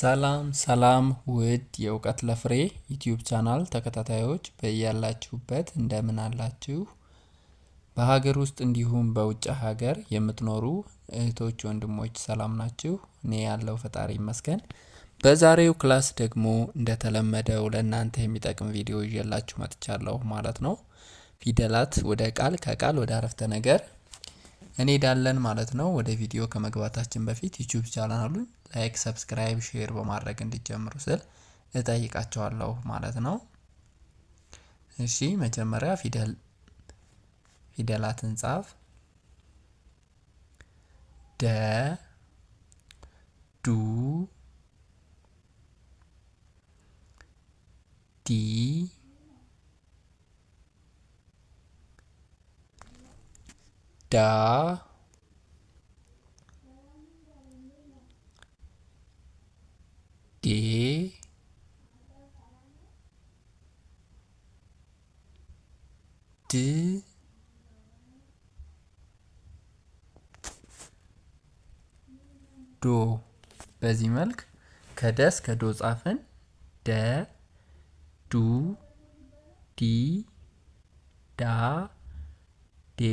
ሰላም ሰላም ውድ የእውቀት ለፍሬ ዩቲዩብ ቻናል ተከታታዮች በያላችሁበት እንደምን አላችሁ? በሀገር ውስጥ እንዲሁም በውጭ ሀገር የምትኖሩ እህቶች፣ ወንድሞች ሰላም ናችሁ? እኔ ያለው ፈጣሪ ይመስገን። በዛሬው ክላስ ደግሞ እንደተለመደው ለእናንተ የሚጠቅም ቪዲዮ ይዤላችሁ መጥቻለሁ ማለት ነው። ፊደላት ወደ ቃል፣ ከቃል ወደ አረፍተ ነገር እንሄዳለን ማለት ነው። ወደ ቪዲዮ ከመግባታችን በፊት ዩቲዩብ ቻናሉን ላይክ፣ ሰብስክራይብ፣ ሼር በማድረግ እንዲጀምሩ ስል እጠይቃቸዋለሁ ማለት ነው። እሺ መጀመሪያ ፊደል ፊደላትን ጻፍ። ደ ዱ ዲ da de de ዶ በዚህ መልክ ከደ እስከ ዶ ጻፍን። ደ ዱ ዲ ዳ ዴ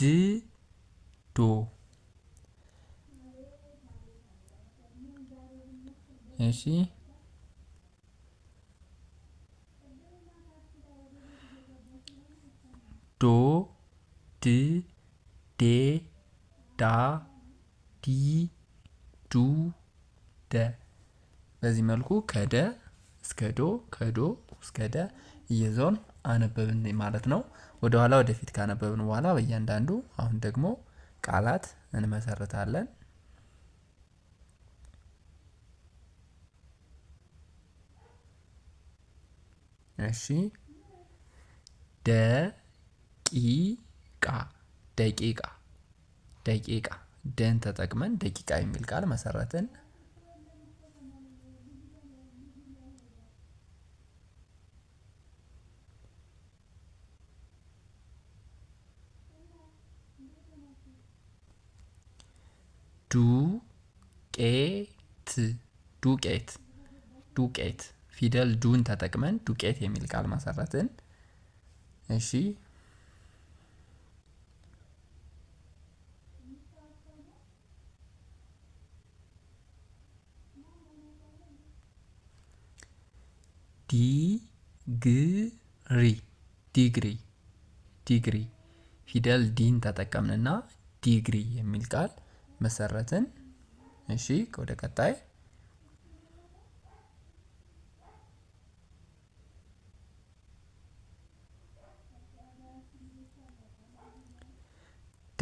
dildo. እሺ ዶ ድ ዴ ዳ ዲ ዱ ደ በዚህ መልኩ ከደ እስከ ዶ ከዶ እስከ ደ እየዞን አነበብን ማለት ነው። ወደኋላ ወደፊት ካነበብን በኋላ በእያንዳንዱ አሁን ደግሞ ቃላት እንመሰርታለን። እሺ ደቂቃ ደቂቃ ደቂቃ ደን ተጠቅመን ደቂቃ የሚል ቃል መሰረትን። ዱቄት ዱቄት ዱቄት ፊደል ዱን ተጠቅመን ዱቄት የሚል ቃል መሰረትን። እሺ ዲግሪ ዲግሪ ዲግሪ ፊደል ዲን ተጠቀምንና ዲግሪ የሚል ቃል መሰረትን። እሺ ወደ ቀጣይ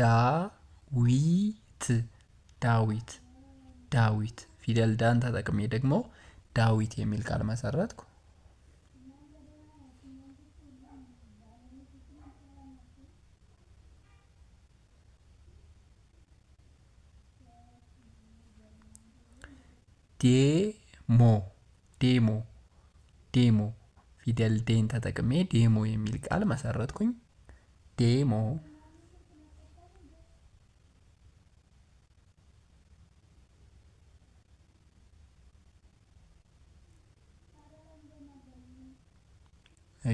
ዳዊት ዳዊት ዳዊት ፊደል ዳን ተጠቅሜ ደግሞ ዳዊት የሚል ቃል መሰረትኩ። ዴሞ ዴሞ ዴሞ ፊደል ዴን ተጠቅሜ ዴሞ የሚል ቃል መሰረትኩኝ። ዴሞ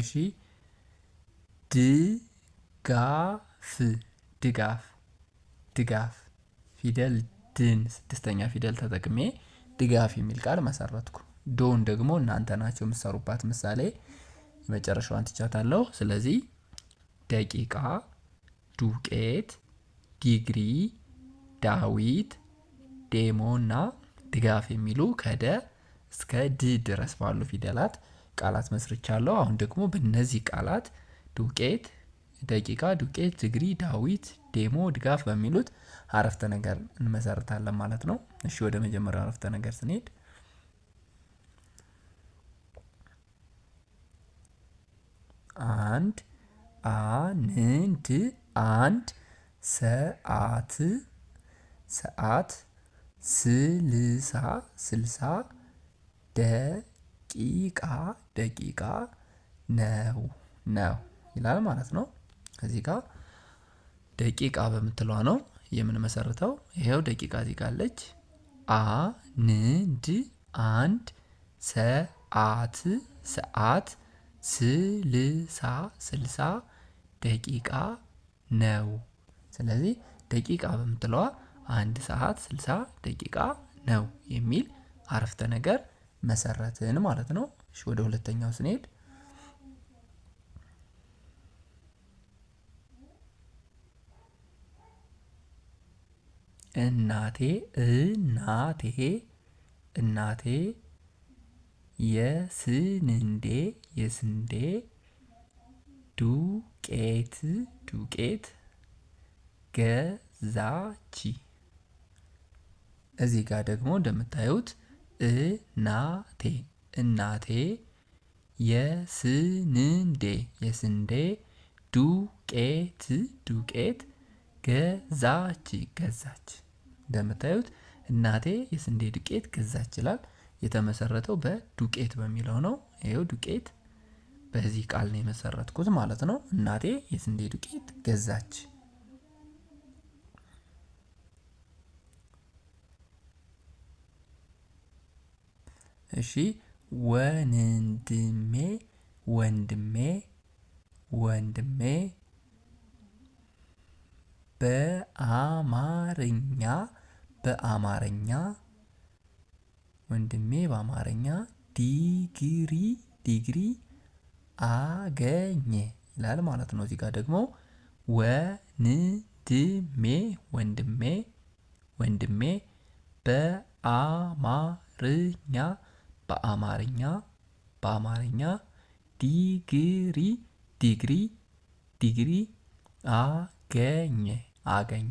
እሺ ድጋፍ ድጋፍ ድጋፍ ፊደል ድን ስድስተኛ ፊደል ተጠቅሜ ድጋፍ የሚል ቃል መሰረትኩ። ዶን ደግሞ እናንተ ናቸው የምትሰሩባት ምሳሌ የመጨረሻዋን ትቻታለሁ። ስለዚህ ደቂቃ፣ ዱቄት፣ ዲግሪ፣ ዳዊት፣ ዴሞ እና ድጋፍ የሚሉ ከደ እስከ ድ ድረስ ባሉ ፊደላት ቃላት መስርቻለሁ። አሁን ደግሞ በእነዚህ ቃላት ዱቄት፣ ደቂቃ፣ ዱቄት፣ ድግሪ ዳዊት ዴሞ ድጋፍ በሚሉት አረፍተ ነገር እንመሰርታለን ማለት ነው። እሺ ወደ መጀመሪያው አረፍተ ነገር ስንሄድ አንድ አንድ አንድ ሰዓት ሰዓት ስልሳ ስልሳ ደቂቃ ደቂቃ ነው ነው ይላል ማለት ነው። ከዚህ ጋር ደቂቃ በምትለዋ ነው የምንመሰርተው። ይሄው ደቂቃ ዚቃ አለች። አንድ አንድ ሰዓት ሰዓት ስልሳ ስልሳ ደቂቃ ነው። ስለዚህ ደቂቃ በምትለዋ አንድ ሰዓት ስልሳ ደቂቃ ነው የሚል አረፍተ ነገር መሰረትን ማለት ነው። እሺ ወደ ሁለተኛው ስንሄድ እናቴ እናቴ እናቴ የስንዴ የስንዴ ዱቄት ዱቄት ገዛች። እዚህ ጋር ደግሞ እንደምታዩት እናቴ እናቴ የስንዴ የስንዴ ዱቄት ዱቄት ገዛች ገዛች። እንደምታዩት እናቴ የስንዴ ዱቄት ገዛች ይላል። የተመሰረተው በዱቄት በሚለው ነው። ይኸው ዱቄት በዚህ ቃል ነው የመሰረትኩት ማለት ነው። እናቴ የስንዴ ዱቄት ገዛች። እሺ ወንድሜ ወንድሜ ወንድሜ በአማርኛ በአማርኛ ወንድሜ በአማርኛ ዲግሪ ዲግሪ አገኘ ይላል ማለት ነው። እዚህ ጋር ደግሞ ወንድሜ ወንድሜ ወንድሜ በአማርኛ በአማርኛ በአማርኛ ዲግሪ ዲግሪ ዲግሪ አገኘ አገኘ።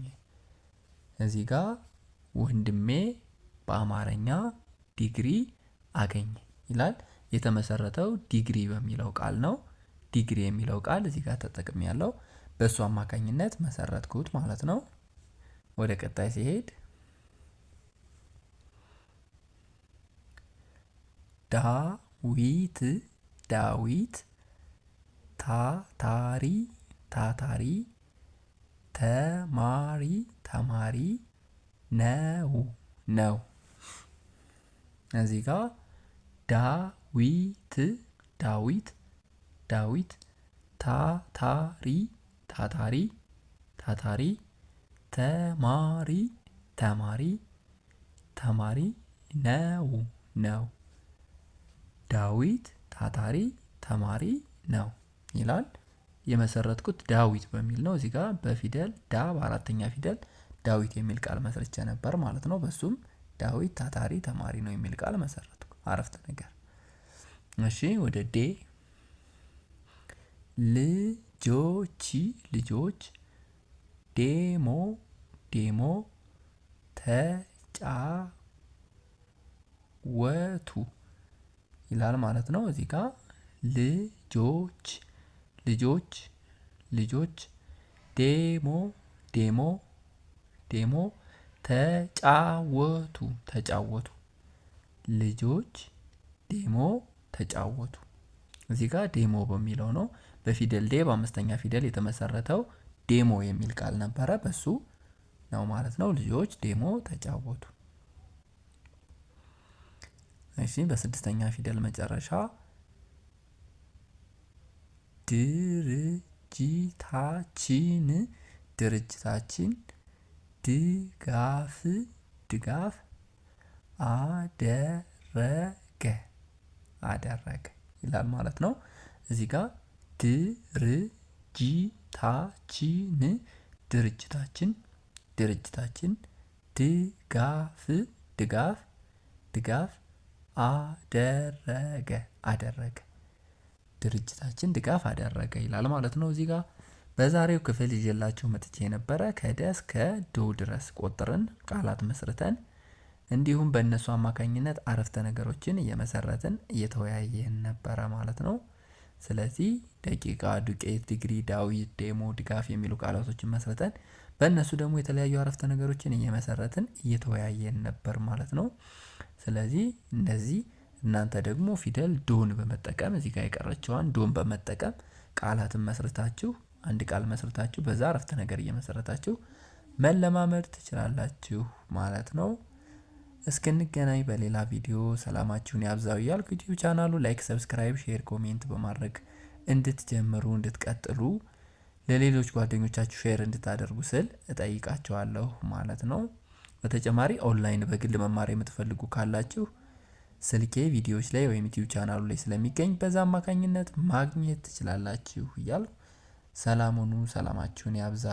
እዚህ ጋር ወንድሜ በአማርኛ ዲግሪ አገኘ ይላል። የተመሰረተው ዲግሪ በሚለው ቃል ነው። ዲግሪ የሚለው ቃል እዚህ ጋር ተጠቅሜ ያለው በእሱ አማካኝነት መሰረትኩት ማለት ነው። ወደ ቀጣይ ሲሄድ ዳዊት ዳዊት ታታሪ ታታሪ ተማሪ ተማሪ ነው ነው። እዚህ ጋር ዳዊት ዳዊት ዳዊት ታታሪ ታታሪ ታታሪ ተማሪ ተማሪ ተማሪ ነው ነው። ዳዊት ታታሪ ተማሪ ነው ይላል። የመሰረትኩት ዳዊት በሚል ነው። እዚህ ጋር በፊደል ዳ በአራተኛ ፊደል ዳዊት የሚል ቃል መስርቼ ነበር ማለት ነው። በሱም ዳዊት ታታሪ ተማሪ ነው የሚል ቃል መሰረትኩ። አረፍተ ነገር። እሺ ወደ ዴ ልጆች ልጆች ዴሞ ዴሞ ተጫወቱ ይላል ማለት ነው። እዚህ ጋር ልጆች ልጆች ልጆች ዴሞ ዴሞ ዴሞ ተጫወቱ ተጫወቱ ልጆች ዴሞ ተጫወቱ። እዚህ ጋር ዴሞ በሚለው ነው በፊደል ዴ በአምስተኛ ፊደል የተመሰረተው ዴሞ የሚል ቃል ነበረ። በሱ ነው ማለት ነው። ልጆች ዴሞ ተጫወቱ። እሺ በስድስተኛ ፊደል መጨረሻ ድርጅታችን ድርጅታችን ድጋፍ ድጋፍ አደረገ አደረገ ይላል ማለት ነው። እዚህ ጋር ድርጅታችን ድርጅታችን ድርጅታችን ድጋፍ ድጋፍ ድጋፍ አደረገ አደረገ ድርጅታችን ድጋፍ አደረገ ይላል ማለት ነው። እዚህ ጋር በዛሬው ክፍል ይዤላችሁ መጥቼ የነበረ ከደ እስከ ዶ ድረስ ቆጥርን ቃላት መስርተን እንዲሁም በእነሱ አማካኝነት አረፍተ ነገሮችን እየመሰረትን እየተወያየን ነበረ ማለት ነው። ስለዚህ ደቂቃ፣ ዱቄት፣ ዲግሪ፣ ዳዊት፣ ዴሞ፣ ድጋፍ የሚሉ ቃላቶችን መስርተን በእነሱ ደግሞ የተለያዩ አረፍተ ነገሮችን እየመሰረትን እየተወያየን ነበር ማለት ነው። ስለዚህ እነዚህ እናንተ ደግሞ ፊደል ዶን በመጠቀም እዚህ ጋር የቀረችዋን ዶን በመጠቀም ቃላትን መስርታችሁ አንድ ቃል መስርታችሁ በዛ አረፍተ ነገር እየመሰረታችሁ መለማመድ ትችላላችሁ ማለት ነው። እስክንገናኝ በሌላ ቪዲዮ ሰላማችሁን ያብዛው እያልኩ ዩቲዩብ ቻናሉ ላይክ፣ ሰብስክራይብ፣ ሼር፣ ኮሜንት በማድረግ እንድትጀምሩ እንድትቀጥሉ ለሌሎች ጓደኞቻችሁ ሼር እንድታደርጉ ስል እጠይቃችኋለሁ ማለት ነው። በተጨማሪ ኦንላይን በግል መማር የምትፈልጉ ካላችሁ ስልኬ ቪዲዮዎች ላይ ወይም ዩቲዩብ ቻናሉ ላይ ስለሚገኝ በዛ አማካኝነት ማግኘት ትችላላችሁ እያልኩ ሰላሙኑ ሰላማችሁን ያብዛ።